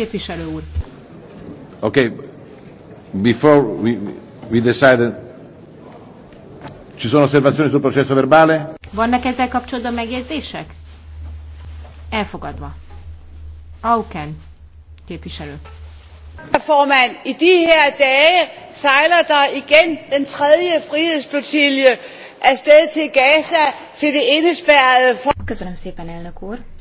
Képviselő úr. Okay. Before we, we decide... Ci sono osservazioni sul processo verbale? Vannak ezzel kapcsolatban megjegyzések? Elfogadva. Auken, képviselő. Formand, i de her dage sejler der igen den tredje frihedsflotilje afsted til Gaza, til det indespærrede... Köszönöm szépen, elnök úr.